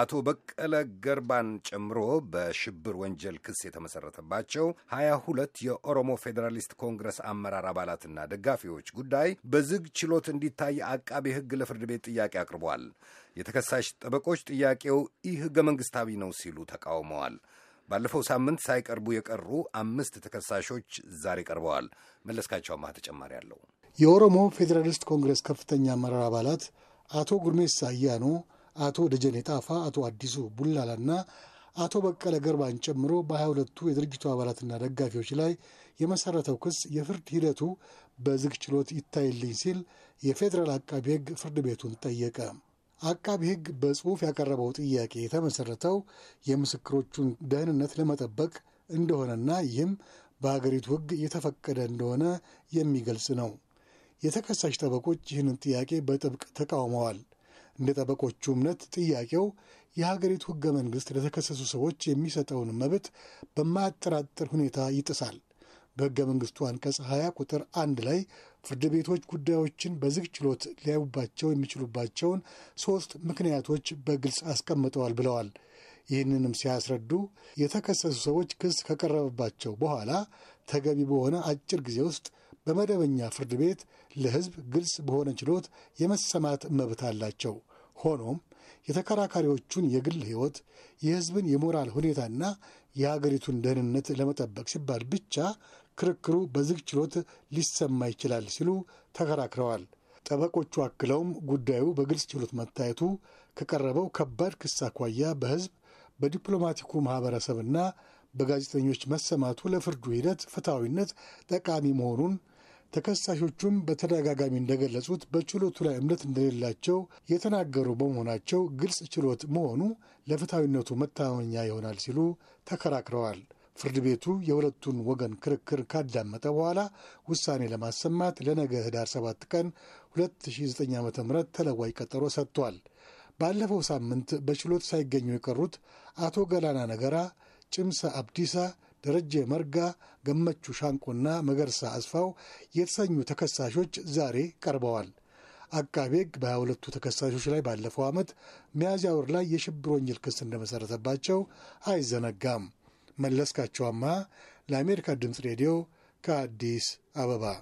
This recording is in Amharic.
አቶ በቀለ ገርባን ጨምሮ በሽብር ወንጀል ክስ የተመሰረተባቸው ሀያ ሁለት የኦሮሞ ፌዴራሊስት ኮንግረስ አመራር አባላትና ደጋፊዎች ጉዳይ በዝግ ችሎት እንዲታይ አቃቢ ሕግ ለፍርድ ቤት ጥያቄ አቅርቧል። የተከሳሽ ጠበቆች ጥያቄው ይህ ሕገ መንግሥታዊ ነው ሲሉ ተቃውመዋል። ባለፈው ሳምንት ሳይቀርቡ የቀሩ አምስት ተከሳሾች ዛሬ ቀርበዋል። መለስካቸው አማህ ተጨማሪ አለው። የኦሮሞ ፌዴራሊስት ኮንግረስ ከፍተኛ አመራር አባላት አቶ ጉርሜሳ አያኖ፣ አቶ ደጀኔ ጣፋ፣ አቶ አዲሱ ቡላላና አቶ በቀለ ገርባን ጨምሮ በሀያ ሁለቱ የድርጅቱ አባላትና ደጋፊዎች ላይ የመሰረተው ክስ የፍርድ ሂደቱ በዝግ ችሎት ይታይልኝ ሲል የፌዴራል አቃቢ ሕግ ፍርድ ቤቱን ጠየቀ። አቃቢ ሕግ በጽሑፍ ያቀረበው ጥያቄ የተመሰረተው የምስክሮቹን ደህንነት ለመጠበቅ እንደሆነና ይህም በሀገሪቱ ሕግ የተፈቀደ እንደሆነ የሚገልጽ ነው። የተከሳሽ ጠበቆች ይህንን ጥያቄ በጥብቅ ተቃውመዋል። እንደ ጠበቆቹ እምነት ጥያቄው የሀገሪቱ ሕገ መንግሥት ለተከሰሱ ሰዎች የሚሰጠውን መብት በማያጠራጥር ሁኔታ ይጥሳል። በሕገ መንግሥቱ አንቀጽ 20 ቁጥር አንድ ላይ ፍርድ ቤቶች ጉዳዮችን በዝግ ችሎት ሊያዩባቸው የሚችሉባቸውን ሦስት ምክንያቶች በግልጽ አስቀምጠዋል ብለዋል። ይህንንም ሲያስረዱ የተከሰሱ ሰዎች ክስ ከቀረበባቸው በኋላ ተገቢ በሆነ አጭር ጊዜ ውስጥ በመደበኛ ፍርድ ቤት ለሕዝብ ግልጽ በሆነ ችሎት የመሰማት መብት አላቸው። ሆኖም የተከራካሪዎቹን የግል ሕይወት፣ የሕዝብን የሞራል ሁኔታና የሀገሪቱን ደህንነት ለመጠበቅ ሲባል ብቻ ክርክሩ በዝግ ችሎት ሊሰማ ይችላል ሲሉ ተከራክረዋል። ጠበቆቹ አክለውም ጉዳዩ በግልጽ ችሎት መታየቱ ከቀረበው ከባድ ክስ አኳያ በሕዝብ በዲፕሎማቲኩ ማኅበረሰብና በጋዜጠኞች መሰማቱ ለፍርዱ ሂደት ፍትሐዊነት ጠቃሚ መሆኑን ተከሳሾቹም በተደጋጋሚ እንደገለጹት በችሎቱ ላይ እምነት እንደሌላቸው የተናገሩ በመሆናቸው ግልጽ ችሎት መሆኑ ለፍትሐዊነቱ መተማመኛ ይሆናል ሲሉ ተከራክረዋል። ፍርድ ቤቱ የሁለቱን ወገን ክርክር ካዳመጠ በኋላ ውሳኔ ለማሰማት ለነገ ህዳር 7 ቀን 2009 ዓ ም ተለዋጭ ቀጠሮ ሰጥቷል። ባለፈው ሳምንት በችሎት ሳይገኙ የቀሩት አቶ ገላና ነገራ፣ ጭምሰ አብዲሳ ደረጀ መርጋ፣ ገመቹ ሻንቆና መገርሳ አስፋው የተሰኙ ተከሳሾች ዛሬ ቀርበዋል። አቃቤ ሕግ በሀያ ሁለቱ ተከሳሾች ላይ ባለፈው ዓመት ሚያዝያ ወር ላይ የሽብር ወንጀል ክስ እንደመሠረተባቸው አይዘነጋም። መለስካቸው ለአሜሪካ ድምፅ ሬዲዮ ከአዲስ አበባ